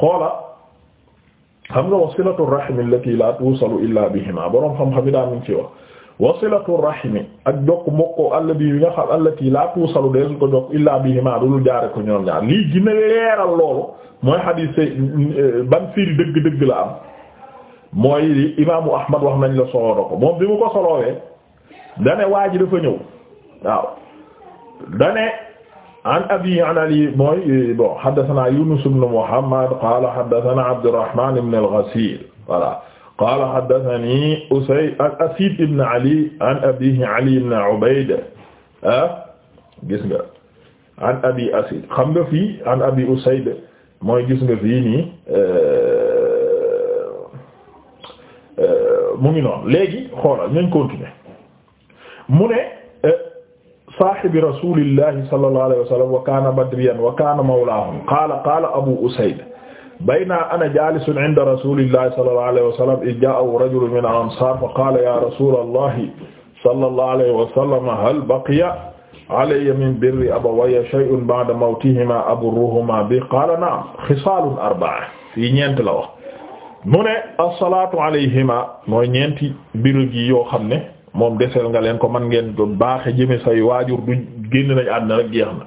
xoola xam nga wasilatu rahimi allati la tuusalu illa bihima boroom xam-xam yi daa mun ci wax wasilatu rahimi ak jokk mbokkoo àll bi yi nga xam allati la tuusalu dee ko jokk illa bihima du lu jaare ko ñoom ñaar lii gën leeral loolu mooy xadiis eh, ban fiiri dëgg-dëgg la am mooy imaamu ahmad wax nañ la soloo na ko moom bi mu ko soloowee dane waa ji dafa ñëw waaw dane an abi an ali mooy bon haddathana Yunus ibn Muhammad qala haddathana Abdurrahman ibn al-Ghasil voilà qala haddathani Usay al-Asid ibn Ali an abihi Ali ibn Ubayd ah gis nga an abi Asid xam nga fii an abi Usayd mooy gis nga fii nii euh, euh, mu ngi noonu léegi xoolal nañ continuer mu ne euh, saahibi rasulillahi sallallahu alayhi wa sallam wa kaana badriyan wa kaana mawlaahum qaala qaala abu usayd baynaa ana jaalisun inda rasulillahi sallallahu alayhi wa sallam idh jaa'ahu rajulun min al-ansaar fa qaala yaa rasuulallahi sallallahu alayhi wa sallam hal baqiya alayya min birri abawayya shay'un ba'da mawtihimaa aburruhumaa bihi qaala na'am xisaalun arba'a fii ñeent la wax mu ne as-salaatu alayhimaa mooy ñeenti mbir yi yoo xam ne moom deseel nga leen ko man ngeen baaxe jëme say waajur du génn nañ àddina rek jeex na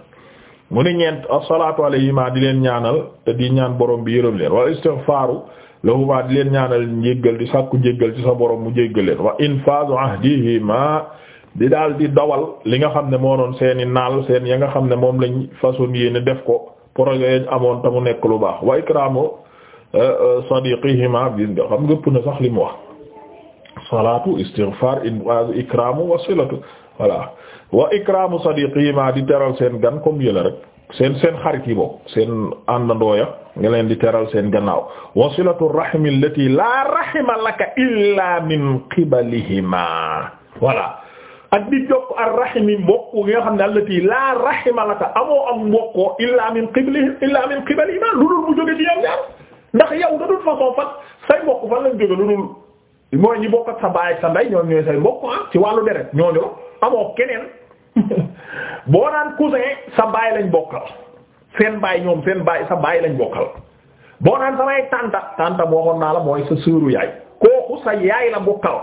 mu ni ñeent as-salaatu alayhima di leen ñaanal te di ñaan borom bi yërëm leen wa istighfaaru lahuma di leen ñaanal njéggal di sàkku njéggal ci sa boroom mu jéggal leen wa infaazu ahdihima di daal di dawal li nga xam ne moo doon seeni naal seen ya nga xam ne moom lañ façon yéene def ko projet yañ amoon te mu nekk lu baax wa ikraamu eh, eh, sadiqihima bi nga xam ngëpp na sax li mu wax salaatu istighfar ikraamu wasilatu voilà wa ikraamu sadiqihima di teral seen gan comme yëla rek seen seen xarit yi bokk seen àndandooya nga leen di teral seen gannaaw wasilatu rahimi allati la rahima laka illa min qibalihima voilà ak di jokk ar rahimi mbokk yi nga xam ne allati la rahima laka amoo am mbokkoo illa min qibalihima illa min qibalihima lu dul mu jóge ci ñoom ñaar ndax yow de toute façon fan say mbokk fan lañ jóge lu dul mooy ñi bokk ak sa baay ak sa ndey ñoom ñooy say mbokk ah ci wàllu deret ñooñu la amoo keneen boo naan cousin sa baay lañ bokkal seen baay ñoom seen baay sa baay lañ bokkal boo naan samay tanta tanta waxoon naa la mooy sa sëru yaay kooku sa yaay la bokkal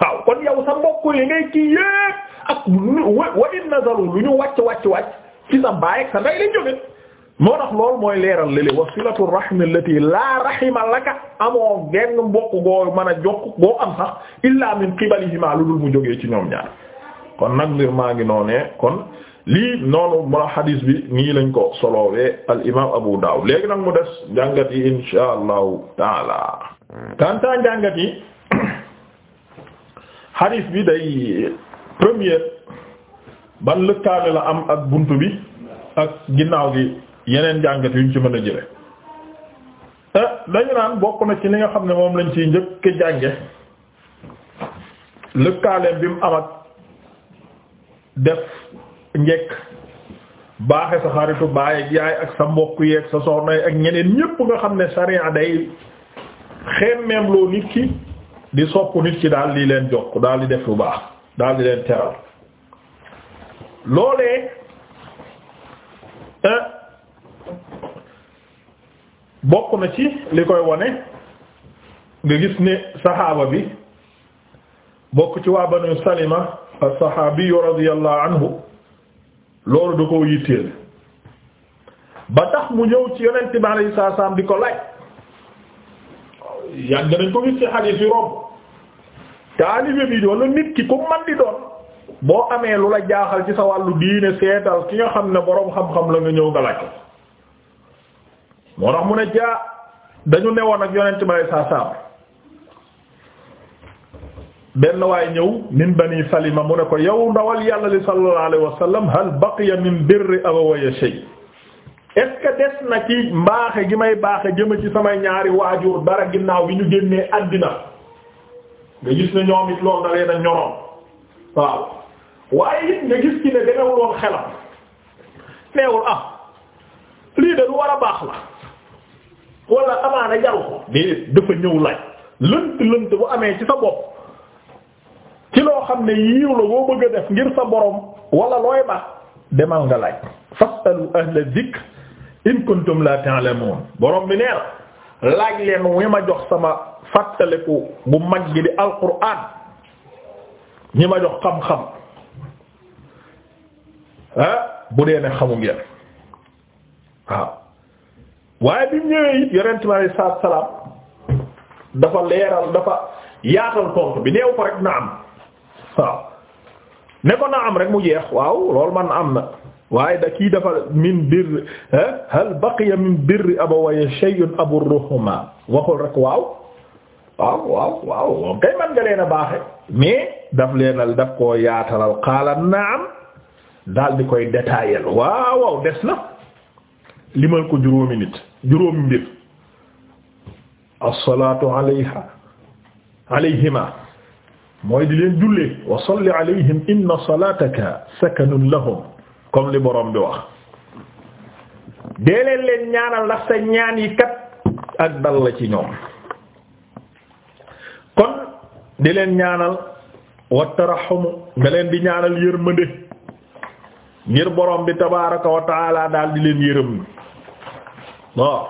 waaw kon yow sa mbokk li ngay kii yépp ak wa- wa- in nazaru lu ñu wàcc wàcc wàcc ci sa baay ak sa ndey lañ jóge moo tax loolu mooy leeral lële wasilatu rahmi allati laa rahima laka amoo genn mbokk goo mën a jokk goo am sax illa min qibalihima lu dul mu jógee ci ñoom ñaar kon nag mbir maa ngi noone kon lii noonu mën a xadiis bi nii lañ ko solowee al imaam Abu Daawud léegi nag mu des njàngat yi insha allahu taala kantaa njàngat xadiis bi day première ban lëkkaale la am ak bunt bi ak ginnaaw gi yeneen jàngat yuñ ci mën a jële dañu naan bokk na ci li nga xam ne moom lañ ciy njëkk jànge lëkkaaleem bi mu am ak def njekk baaxe sa xaritu baay ak yaay ak sa mbokk yeeg sa soxna ak ñeneen ñépp nga xam ne sariya day xemmeem loo nit ki di sopp nit ki daal di leen jox daal di def lu baax daal di leen teral loolee eh, bokk na ci li koy wone nga gis ne saxaaba bi bokk ci waa banu salima as-saxaabi anhu loolu du ko yitteel ba tax mu ñëw ci yonent bi alayhi salaam di ko laaj yàgg nañ ko gis ci xadiis yi romb taalibe bi walla nit ki ku man di doon boo amee lu la jaaxal ci sa wàllu diine seetal ki nga xam ne boroom xam-xam la nga ñëw nga laaj moo tax mu ne jaa dañu woon ak yonent bi saa saam benn waay ñëw min bani salima mu ne ko yow ndawal yàlla li sallallahu alayhi wa sallam hal baqiya min birri abawayya shay est-ce des na ci mbaaxe gi may baaxe jëm ci samay ñaari waajur dara ginnaaw yi ñu génnee àddina nga gis ne ñoom it loolu da leen a ñoroon waaw waaye it nga gis ci ne dangawuloon xelam neewul ah lii de lu war a baax la wala amaana jaru ko déedéet dafa ñëw laaj lënt lënt bu amee ci sa bopp ci xam ne yiiw la boo bëgg a def ngir sa borom wala looy baax demal nga laaj fastalu ahla dhikr in kuntum la ta'lamun borom bi nee laaj leen wi ma jox sama fàttaliku bu mag gi di alquran ñi ma jox xam-xam ah bu dee ne xamu ngeen waaw waaye bi mu ñëwee it yonent bi salaam dafa leeral dafa yaatal tontu bi neew ko rek na am rek mu jeex waaw lool man am na waaye da kii dafa min birr eh, hal baqiya min birri abawayhi shay'un aburruhuma waaw waaw waaw waaw kay man nga leen a baaxe mais daf leenal daf koo yaatalal qaala naam daal di koy détaillé waaw waaw des na limal ko juróomi nit juróomi mbir as-salaatu alayha alayhima mooy di leen jullee wa salli alayhim inna salataka sakanun lahum comme li borom bi wax dee leen leen ñaanal ndax sa ñaan yi kat ak dal la ci ñoom kon di leen ñaanal wa taraxumu nga leen di ñaanal yërmande ngir borom bi tabaaraka wa taala daal di leen yërëm waaw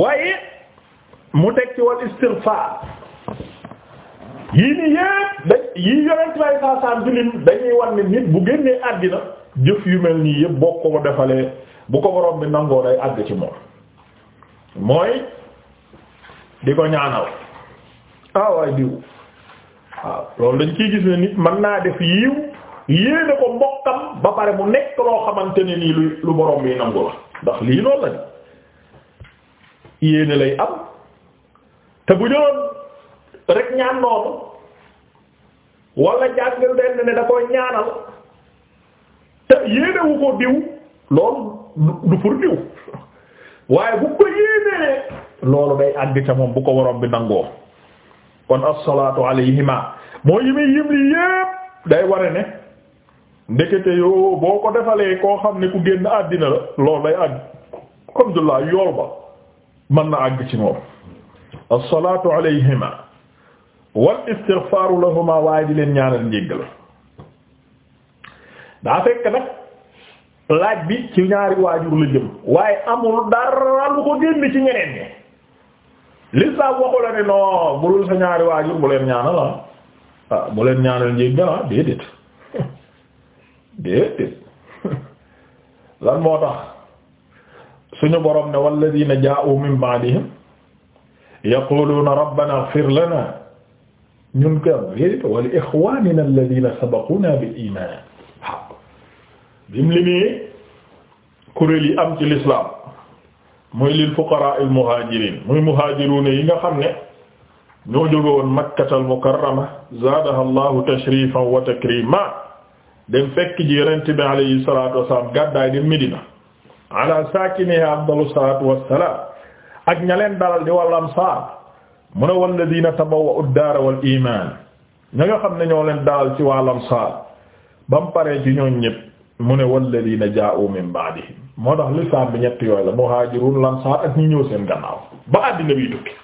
waaye mu teg ci wal istighfar yii nii yépp da yii yonent lay saa jullit dañuy wan ne nit bu génnee àddina jëf yu mel nii yépp boo ko defalee bu ko borom bi nangoo day àgg ci moom mooy di ko ñaanal ah waaye diw waaw ah, loolu dañ ciy gis ne nit mën naa def yiw yéene ko mbokkam ba pare mu nekk loo xamante ni nii lu lu borom bi nangu la ndax lii loolu la yéene lay am te bu ñëwoon rek ñaan noonu wala jàngal benn ne da koy ñaanal te yéenewu ko diw loolu du pour diw waaye bu ko yéenee loolu day àgg ca moom bu ko waroon bi nangoo kon as alayhima moo yi muy yim yépp day ware ne ndekete yoo boo ko defalee koo xam ne ku génn àddina la loolu day àgg alhamdulillah yool ba mën na àgg ci moom as-salaatu alayhima wal istighfaaru lahuma waaye di leen ñaanal njéggal daa fekk nag laaj bi ci ñaari waajur la jëm waaye amul dara lu ko génn ci ñeneen ñi lislaam waxu la ne non bulul sa ñaari waajur bu leen ñaanal ah bu leen ñaanal njéggal ah déedéet déedéet lan moo tax suñu borom ne walladina jaa'u min ba'dihim yaquluna rabbana ighfir lana ñun ko déedéet wa li ikhwanina alladina sabaquna bil iman waaw bim limee kuréel yi am ci muy lil fuqara al muhajirin muy muhajirun yi nga xam ne ñoo jóge woon makkatal mukarrama zaadaha allahu tashrifan wa takrima dem fekk ji yonent bi alayhi salaatu wassalaam gàddaay di Medina ala saakiniha afdalu salaatu wassalaam ak ña leen dalal di wàllam saar mu ne walladina tabawwa'u ad-daara wal iimaan ña nga xam ne ñoo leen dalal ci wàllam saar ba mu paree ci ñooñ ñëpp mu ne walladina jaa'u min ba'dihim moo tax lislam bi ñett yooyu la muhaajiruun lansaar ak ñi ñëw seen gannaaw ba àddina bi tukki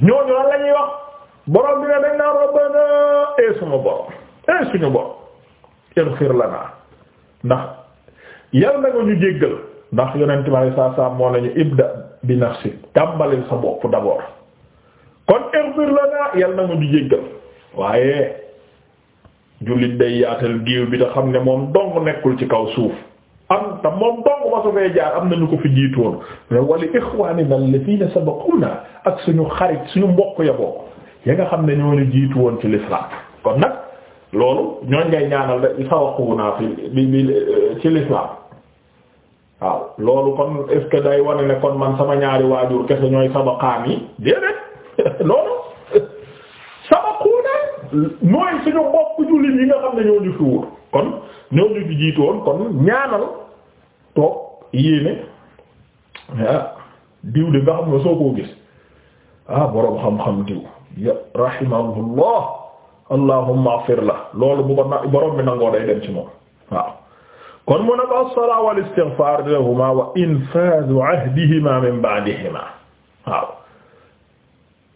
ñooñu la ñuy wax borom bi ne dañ naa rabbana ee eh, suñu borom ee eh, suñu ighfir lana ndax yal na nga ñu jéggal ndax yonent bi sallallahu alayhi wasallam moo nañu ibda bi nafsi tàmbalil sa bopp d'abord kon ighfir lana yal na nga ñu jéggal waaye jullit day yaatal géew bi te xam ne moom dong nekkul ci kaw suuf am te moom dong ma fee jaar am na ñu ko fi jiitoon mais wali ikhwanina alladhina sabaquna ak suñu xarit suñu mbokk ya bokk ya nga xam ne ñoo ñu jiitu woon ci lislaam kon nag loolu ñooñ ngay ñaanal rek sawaquuna fi bi bi ci l'islam waaw loolu kon est day wane ne kon man sama ñaari waajur kese ñooy sabaqaan yi déedéet loolu sabaquuna mooy suñu mbokk jullit yi nga xam ne ñoo ñu fi wóor kon ñoo ñu fi jiitoon kon ñaanal toog yéene ah diw de nga xam ne soo koo gis ah boroom xam-xam diw ya allahumma afir la loolu bu ko na borom bi nangoo day dem ci moom waaw kon mu ne ko as-salaa wal istighfaar lahuma wa infaadu waaw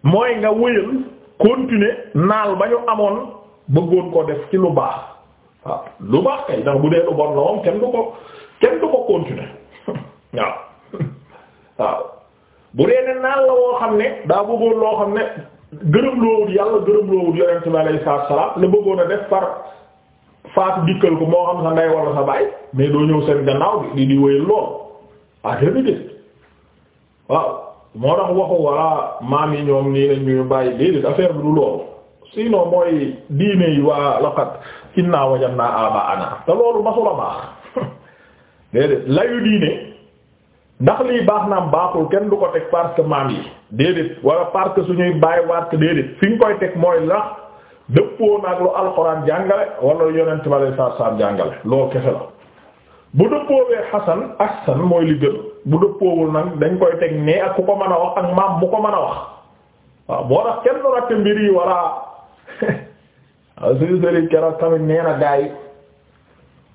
mooy nga wëyal continuer naal ba ñu amoon bëggoon ko def ci lu baax waaw lu baax kay ndax bu dee lu bon la moom kenn du ko kenn du ko continuer waaw waaw bu dee ne naal la woo xam ne daa bëggoon loo xam ne gërëm loowut yàlla gërëm loowut yonent bi alayhi salaatu salaam la bëggoon a def par faatu dikkal ko moo xam sa ndey wala sa baay mais doo ñëw seen gannaaw di di wéyal lool ah déedéet waaw moo tax waxu walla maam yi ñoom nii lañ ñuy bàyyi déedéet affaire bi du loolu sinon mooy diine yi waa laqad inna wajadna abaana te loolu masula baax déedéet layu diine. ndax lii baax naam baaxul kenn du ko teg parce que maam yi déedéet wala parce suñuy bàyyi waat déedéet fi ñu koy teg mooy lax dëppoo naag lu alxuraan jàngale wala yonent bi alayhi salaatu salaam jàngale loolu kese la bu dëppoowee xasan ahsan mooy li gën bu nag dañ koy teg nee ak ku ko mën a wax ak maam bu ko mën a wax waaw moo tax kenn doon ak mbir yi wala suñu sëriñ keroog tamit nee gaa yi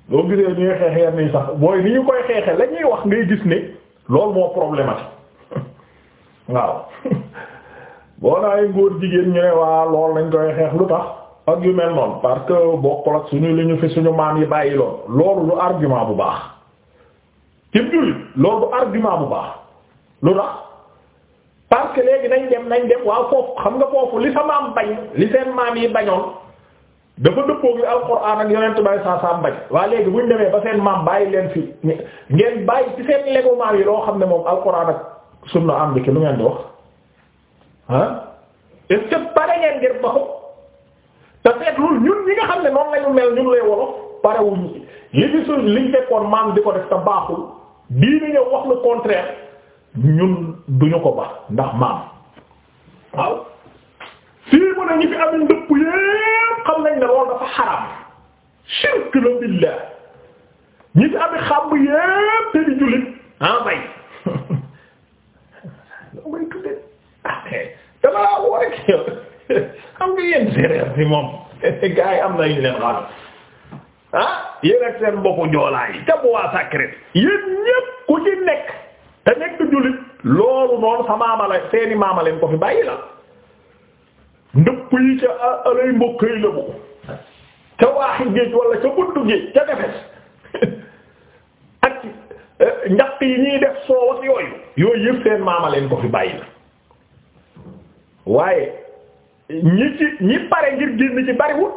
loo gisee ñuy xeex yenn yi sax mooy ni ñu koy xeexe la ñuy wax ngay gis ne. loolu moo problématique waaw boo naa ay góor jigéen ñu ne waa lool nañ koy xeex lu tax ak yu mel noonu parce que bokkul ak suñu li ñu fi suñu maam yi bàyyi lool loolu lu argument bu baax cib jullit loolu du argument bu baax lu tax parce que léegi nañ dem nañ dem waaw foofu xam nga foofu li sa maam bañ li seen maam yi bañoon dafa dëppoo gi alxuraan ak yonent bay saa saa mbañ waa léegi buñ demee ba seen maam bàyyi leen fi ngeen bàyyi ci seen legu maam yi loo xam ne moom alxuraan ak sunna am bi ki lu ngeen di wax ah est-ce que pare ngeen ngir ba ko te seetlul ñun ñi nga xam ne noonu lañu mel ñun lay wolof pare wuñ li fi suñ liñ fekkoon maam di ko def te baaxul bii ni ñëw wax le contraire ñun duñu ko ba ndax maam waaw mu ne ñu fi am ndëpp yépp xam nañ ne loolu dafa xaram shirk la billah ñi fi am xàmb yépp te di jullit ah may tudde ah, eh, laa woo rek yow xam nga yéen séeréer si moom gars am na ñu leen xaram ah yéen ak seen mbokku joolaa yi bu waa sacré ku ci nekk te nekk jullit loolu noonu sa maama la seeni maama ko fi bàyyi la ndëpp yi ca ah, alay mbokk yi la bu ca waaxi géej wala ca buntu géej ca defes ak eh, njaq yi ñuy def soow ak yooyu yooyu yëpp seen maama leen ko fi bàyyi la waaye ñi ci ñi pare ngir génn ci bariwul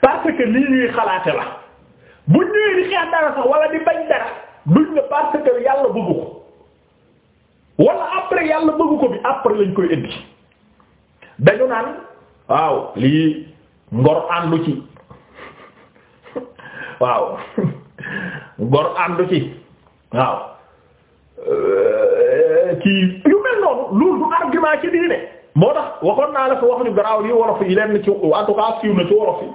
parce lii ñuy xalaate la bu ñëwee di xeex dara sax wala di bañ dara duñ la parce yàlla bëgg ko wala après yàlla bëgg ko bi après lañ koy indi dañu naan waaw lii ngor àndu ci waaw ngor àndu ci waaw kii yu mel noonu loolu du argument ci diine moo tax waxoon naa la fi wax ñu garaaw yi wolof yi leen ci en tout cas siiw na ci wolof yi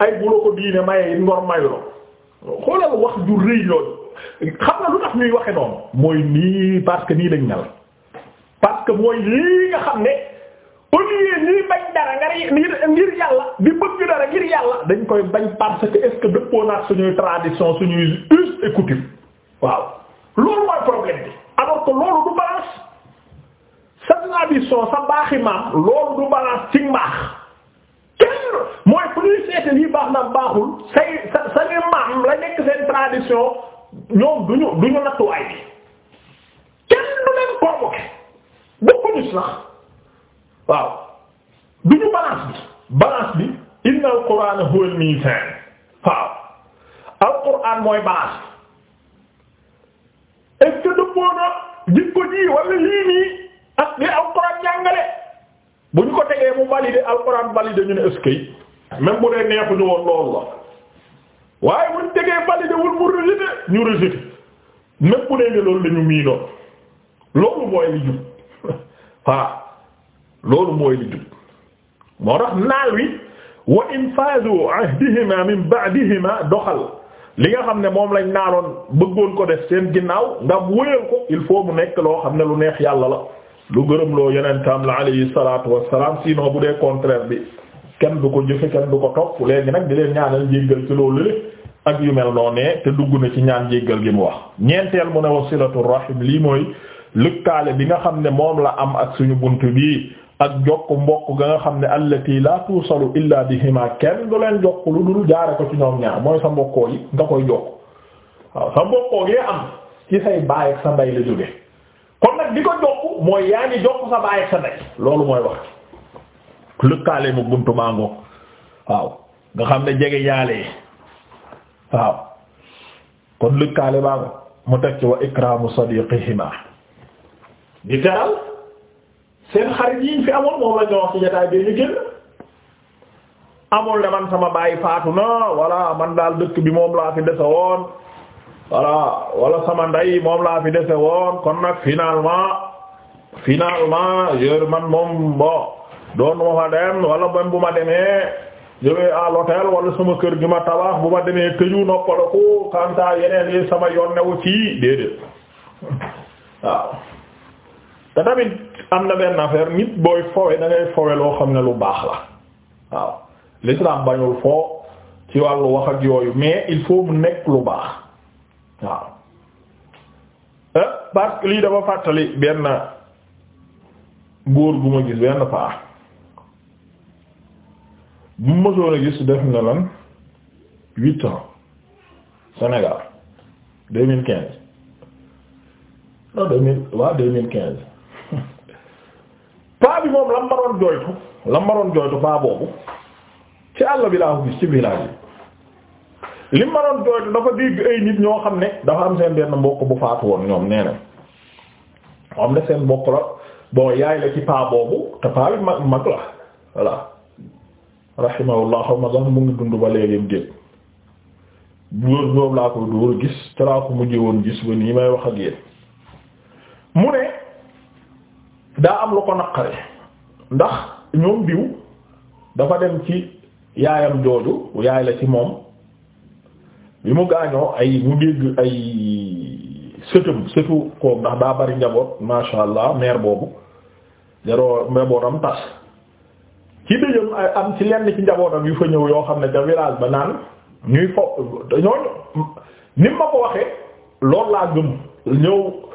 ay bu ko diine maye it ngor mayu la xoolal wax ju rëy loolu xam nga lu tax ñuy waxe noonu mooy nii parce nii lañ nal parce mooy lii nga xam ne ñuy bañ dara nga ngir ngir yàlla di bëgg dara ngir yàlla dañ koy bañ parce que est-ce que dëppoo na suñuy tradition suñuy us et waaw loolu mooy problème bi alors loolu du balance sa tradition sa baaxi maam loolu du balance ci mbaax kenn mooy fu ñuy seete baax na baaxul sa sa ni maam la nekk seen tradition ñoom duñu duñu nattuwaay kenn du leen convoqué bokkuñu sax waaw du ñu balance bi balance bi inna al qur'ana huwa al mizan waaw al qur'an mooy balance est-ce na jikko ji wala lii nii ak al qur'an jàngale bu ñu ko tegee mu validé al qur'an validé ñu ne est-ce que bu dee neexuñu woon loolu la waaye bu ñu tegee validé wul mu rejeté ñu rejeté même bu dee ne lañu miinoon loolu mooy li jub loolu mooy li moo tax naal wi wa infaadu ahdihima min ba'dihima doxal li nga xam ne moom lañ naaloon bëggoon ko def seen ginnaaw nga wóyal ko il faut mu nekk loo xam ne lu neex yàlla la lu gërëm loo yonentam la alayhi salaatu wassalaam sinon bu dee contraire bi kenn du ko jëfe kenn du ko topp léegi nag di leen ñaanal jéggal ci loolu le ak yu mel noo ne te dugg na ci ñaan jéggal gi mu wax ñeenteel mu ne wasilatu rahim lii mooy lëkkaale bi nga xam ne moom la am ak suñu bunt bii ak jokk mbokk ga nga xam ne allati la tuusalu illa bihima kenn du leen jokk lu dul jaare ko ci ñoom ñaar mooy sa mbokkoo yi nga koy jokk waaw sa mbokkoo gee am ci say baay ak sa ndey la jóge kon nag di ko jokk mooy yaa ngi jokk sa baay ak sa ndey loolu mooy wax lëkkaale mu buntu mango waaw nga xam ne jege ñaale waaw kon lëkkaale mango mu teg ci wa ikramu sadiqihima di teral seen xarit yi ñu fi amoon moom la ñu wax ci jotaay bi amul ne man sama baay faatu na walla man daal dëkk bi moom laa fi dese woon walla walla sama ndey moom laa fi dese woon kon nag finalement finalement je man moom bon doon ma fa dem walla même bu ma demee je vais à walla sama kër gi ma tabax bu ma demee këju noppaloo ko yeneen yi sama yoon newu ci déedéet waaw. te am na benn affaire nit booy fowe da ngay loo xam ne lu baax la waaw l'islam bañul foo ci wàllu wax ak yooyu mais il faut mu nekk lu baax waaw eh, parce que lii dafa fàttali benn góor gu ma gis benn paax bu ma gis def na lan huit ans Sénégal deux mille quinze non deux mille quinze paa bi moom lam ma doon jooytu lam ma doon jooytu paa boobu ci àll bi laa ci village bi lim ma doon jooytu dafa dégg ay nit ñoo xam ne dafa am seen benn mbokk bu faatu woon ñoom nee na am na seen mbokk la bon yaay la ci paa boobu te paa bi mag mag la voilà rahimahullah xaw ma sax mu ngi dund ba léegi génn boobu laa ko dóor gis te laa ko mujjee woon gis ba nii may wax ak yéen mu ne daa am la ko naqare ndax ñoom diw dafa dem ci yaayam jooju yaay la ci moom bi mu gaañoo ay mu dégg ay sëtëm sëtu koom ndax daa bari njaboot masha allah mère boobu jaroo mbebootam tas ci dëjëm ay am ci lenn ci njabootam yu fa ñëw yoo xam ne ca village ba naan ñuy fo ñooñu ni ma ko waxee loolu laa gëm ñëw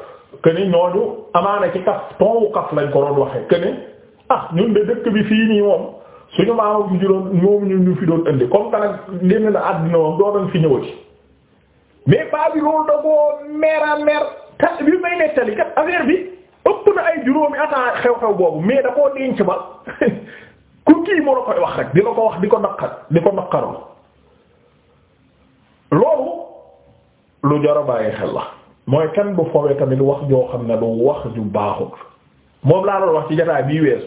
que ne ñooñu amaana ci kaf tonwu kaf lañ ko doon waxee que ne ah ñun de dëkk bi fii nii moom suñu maama bi juróom ñoom ñu ñu fi doon indi comme que nag génn na àddina moom doonan fi ñëwati mais baa loolu da koo meera meer te bi may nettali kat affaire bi ëpp na ay juróomi ataa xew-xew boobu mais da koo denc ba ku kii moo la koy wax rek di la ko wax di ko naqar di ko naqaroo loolu lu jar a xel la. mooy kenn bu fowee tamit wax joo xam ne du wax ju baaxul moom laa doon wax ci jotaay bii weesu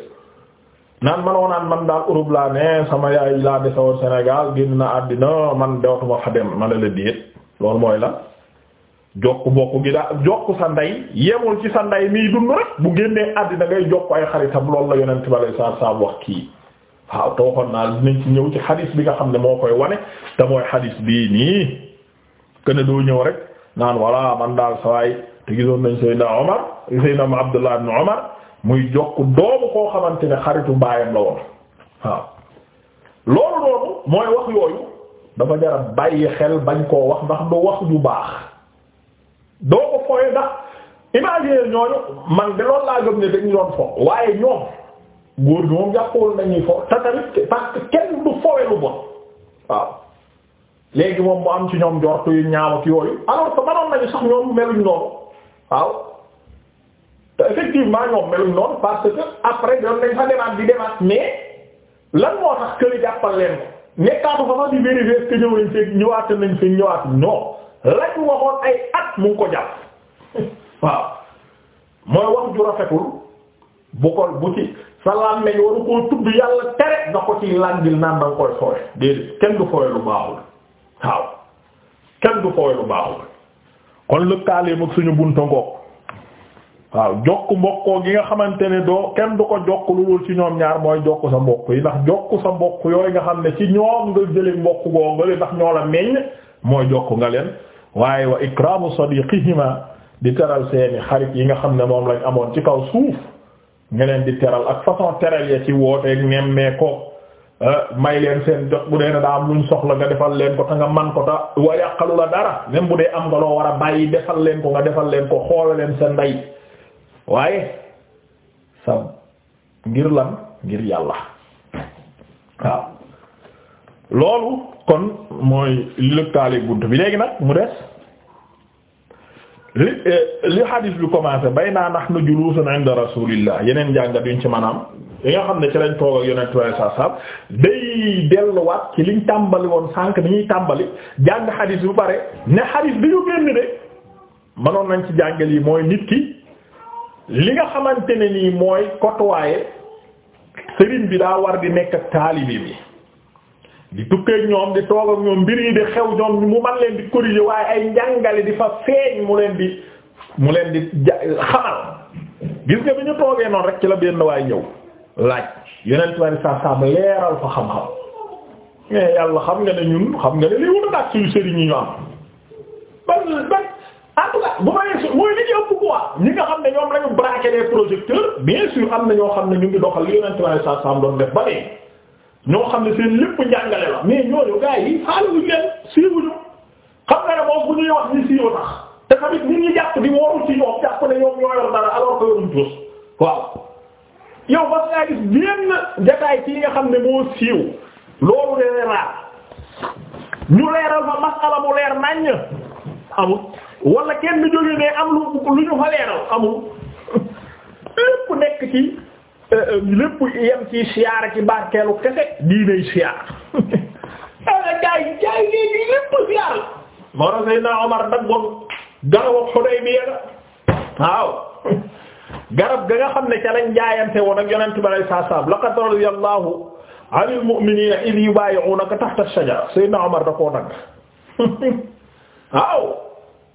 naan manoo naan man daal Europe laa ne sama yaay laa desewoon Sénégal génn na àddina man dootuma fa dem man la déet loolu mooy la jokk mbokk gi daa jokk sa ndey yemul ci sa ndey miy dund rek bu génnee àddina ngay jokk ay xaritam loolu la yonent ba lay saab saab wax kii waaw te naa dinañ ñëw ci xadiis bi nga xam ne moo koy wane te mooy xadiis bii nii kenn doo ñëw rek naan walla man daal sawaay te gisoon nañ Seydina Omar Seydina Abdullah ibn Omar muy jokk doomu koo xamante ne xaritu baayam la woon waaw loolu noonu mooy wax yooyu dafa jara bàyyi xel bañ koo wax ndax du wax bu baax doo ko fooy ndax imaginer ñooñu man de loolu laa gëm ne dañu doon fo waaye ñoom góor gi moom jàppul nañuy fo te tamit kenn du fowe lu bon waaw léegi moom mu am ci ñoom njortu yu ñaaw ak yooyu alors que manoon nañu sax ñoom meluñ noonu waaw te effectivement ñoom meluñ noonu parce que après doon nañ fa demaat di demaat mais lan moo tax kële jàppal leen ko nekkaatu fa ma di vérifier que ñëw nañ fee ñëwaat nañ fi ñëwaat non lañ waxoon ay at mu ko jàpp waaw mooy wax ju rafetul bu ko bu ci sa làmmeñ waru koo tudd yàlla tere nga ko ci làngil naan koy fooye déedéet kenn du fooye lu baaxul waaw kenn du fooy lu baaxul kon lëkkaaleem suñu bunta ngoog waaw jokk mbokkoo gi nga xamante ne doo kenn du ko jokk lu dul ci ñoom ñaar mooy jokk sa mbokk yi ndax jokk sa mbokk yooyu nga xam ne ci ñoom nga jële mbokk googale ndax ñoo la meññ mooy jokk nga leen waaye wa ikramu sadiqihima di teral seeni xarit yi nga xam ne moom lañ amoon ci kaw suuf nga leen di teral ak façon teral ya ci wooteeg nemmeekoo Euh, may leen seen jot bu dee ne daa am luñ soxla nga defal leen ko te nga man ko ta wa yàqalu la dara même bu dee am nga loo war a bàyyi defal leen ko nga defal leen ko xoolal leen sa ndey waaye sa ngir lan ngir yàlla waaw loolu kon mooy lëkkaale bunt bi léegi nag mu des li eh, li hadis bi commencé bay naa na julusun inda rasulillah yeneen njàngat yuñ ci maanaam li nga xam ne ci lañ toog ak yonent bi saa saam day delluwaat ci liñ tàmbali woon sànq bi ñuy tàmbali jàng xadis bu pare ne xadis bi ñu génn de mënoon nañ ci jàngal yi mooy nit ki li nga xamante ne nii mooy kotuwaaye sëriñ bi daa war di nekk ak taalibe bi di tukkee ñoom di toog ak ñoom mbir yi di xew ñoom mu man leen di corriger waaye ay njàngale di fa feeñ mu leen di mu leen di xamal gis nga bi ñu toogee noonu rek ci la benn waay ñëw. laaj yeneen wari sa sam leeral fa xam-xam mais yàlla xam nga ne ñun xam nga ne lii wuna naak suñu sëriñ yi ñu am ban ban en tout cas bu mayee mooy li ñu ëpp quoi ñi nga xam ne ñoom lañu braqué les projecteurs bien am na ñoo xam ne ñu ngi doxal li yeneen wari sa sam doon def ba dee ñoo xam ne seen lépp njàngale la mais ñooñu gars yi xaaluñu leen siiwuñu xam nga ne moom bu ñuy wax ñu siiw tax te tamit nit ñi jàpp di wooru ci ñoom jàpp ne ñoom yow ba ngaa gis benn jotaay ci nga xam ne moo siiw loolu de raar ñu leeral fa masala mu leer naññ amul wala kenn du ne am lu lu ñu fa leeral amul lépp nekk ci euh, lépp yem ci siyaara ci barkeelu kese diinay siyaara ah, gaay gaay léegi lépp siyaara moo tax Seydina Omar daggoon garaw Hudaybiya waaw garab ga xam ne ca lañ jaayante woon ak yonent bi alayhi salaam laqad radiyallahu anil mu'minina idh yubayyi'unaka tahta ash-shajara Seydina Omar da koo nag waaw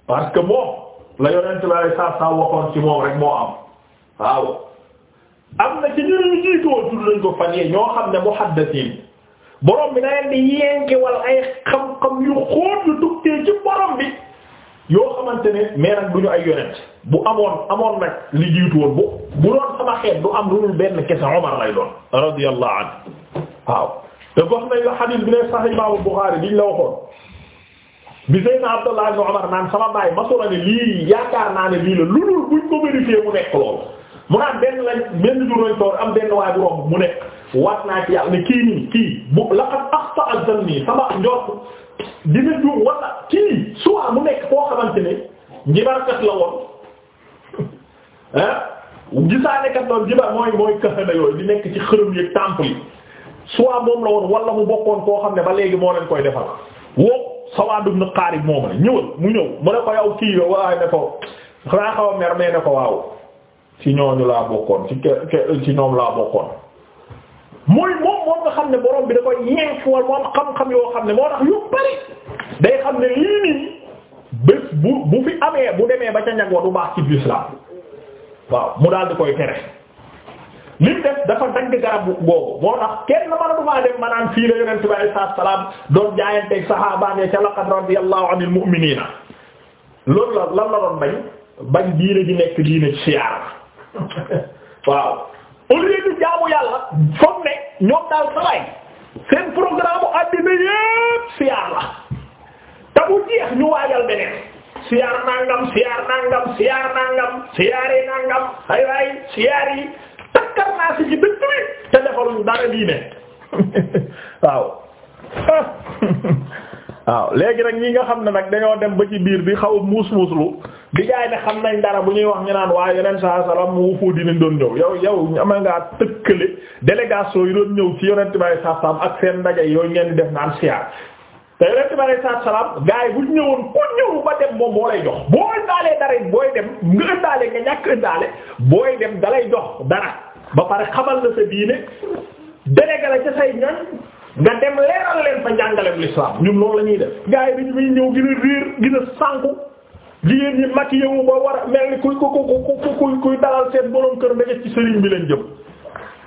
parce que moom la yonent bi alayhi salaam waxoon ci moom rek moo am na ci ñun ñu jiitoo tudd lañ ko fan yii ñoo xam ne muhaddisiin borom bi na leen di yenke wal ay xam-xam yu xóot yu tukkee ci borom xamante ne mais nag du ay yonent bu amoon amoon nag li jiitu woon bu bu doon sama du am lu benn kese Omar lay doon radiyallahu anhu waaw te gox nañ la xadiis bi ne Sahih Imam Bukhari la waxoon bi Seydina Abdullah ibn Omar naan sama baay masula ne lii naa ne lii lu dul buñ ko mu nekk loolu am benn waay bu romb mu nekk waat naa ci yàlla ne kii nii kii bu laqad axta sama njort dina juum wala kii soit mu nekk koo xamante ne njibarkat la woon ah gisaanekat la woon njibar mooy mooy kahana yooyu di nekk ci xërëm yeeg temple yi soit moom la woon wala mu bokkoon koo xam ne ba léegi moo leen koy defal woo Sawaad ibn Qaarib moom la ñëwal mu ñëw mu ne ko yow kii la waaye ne ko xanaa xaw ne ko waaw ci ñooñu laa bokkoon ci ci ñoom laa bokkoon. mooy moom moom nga xam ne borom bi da koy ñeent wala moom xam-xam yoo xam ne moo tax yu bari day xam ne lii nii bés bu bu fi amee bu demee ba ca ñag wa du baax ci l'islam waaw mu daal di koy tere li mu def dafa dagg garab boobu moo tax kenn mënatu maa dem maanaam fii la yonent bi alayhi salaatu salaam doon jaayanteeg saxaabaan ya ca laqad radiyallahu anil mu'miniina loolu la lan la doon bañ bañ diine ji nekk diine siyaara waaw. au lieu de jaamu yàlla foog ne ñoom daal salaay seen programme àddina yépp siyaar la te bu jeex ñu waajal beneen siyaar nangam siyaar nangam siyaar nangam siyaar yi nangam ay waay siyaar yi takkar naa si ci dëkk bi te defaluñ dara diine waaw waaw léegi nag ñi nga xam ne nag dañoo dem ba ci biir bi xaw muus muuslu di gaay ne xam nañ dara bu ñuy wax ñu naan waaye yeneen sa salaam mu wufu dinañ doon ñëw yow yow ama ngaa tëkkale délégation yi doon ñëw ci yonent bi sa salaam ak seen ndaje yooyu ngeen di def naan siyaar te yonent bi saa salaam gaay bu ñëwoon ku ñëw ba dem moom moo lay jox boo indaalee dara booy dem nga indaale nga ñàkk indaale booy dem dalay jox dara ba pare xamal na sa diine délégué la ca say ñoñ nga dem leeral leen fa njàngaleem la ñuy def gaay bi ñu ñëw gën a réer jigéen ñi maquillé wu ba war a mel ni kuy ku ku ku kuy dalal seen borom kër ndege ci sëriñ bi leen jëm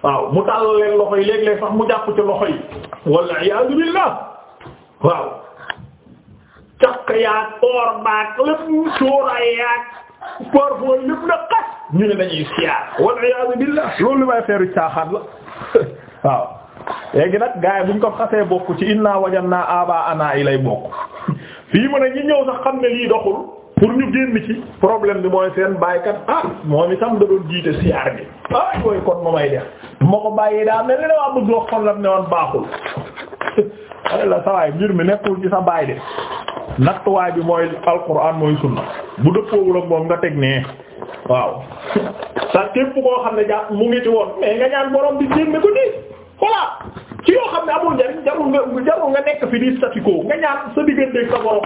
waaw mu tàllal leen loxo yi léeg-léeg sax mu jàpp ci loxo yi walla iyaadu billaah waaw caq yaag or baag lépp sóoraay yaag parfois lépp na xas ñu ne dañuy siyaar walla iyaadu billaah loolu li may feeru caaxaan la waaw léegi nag gaay buñ ko xasee bokk ci inna wajanna aba ana ilay bokk fii mu ne ñi ñëw sax xam ne lii doxul pour ñu génn ci problème bi mooy seen bàyyikat ah moom itam da doon jiite siyaar bi ah yooyu kon ma may def ma ko bàyyee daa mel ni dama bëgg wax kon la ne woon baaxul xale la sawaay mbir mi nekkul ci sa bàyyi de nattuwaay bi mooy alquran mooy sunna bu dëppoowul ak moom nga teg nee waaw sa képp koo xam ne jàpp mu ngi ci woon mais nga ñaan borom bi génne ko nii voilà ci yoo xam ne amul njariñ jarul nga nekk fi di statu nga ñaan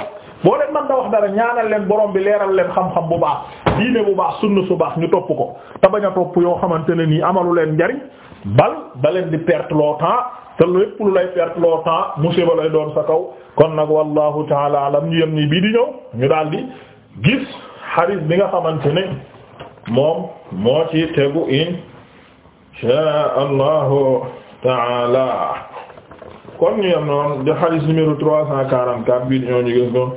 boo leen mën da wax dara ñaanal leen borom bi leeral leen xam-xam bu baax diine bu baax sunna su baax ñu topp ko te bañ a topp yoo xamante ne nii amalu leen njariñ bal da leen di perte loo temps te lépp lu lay perte loo temps musiba lay doon sa kaw kon nag wallahu taala alam ñu yem nii bii di ñëw ñu daal di gis xaris bi nga xamante ne moom moo ci tegu insha allahu taala kon ñu yem noonu di xaris numéro 344 bii di ñëw ñu gis ko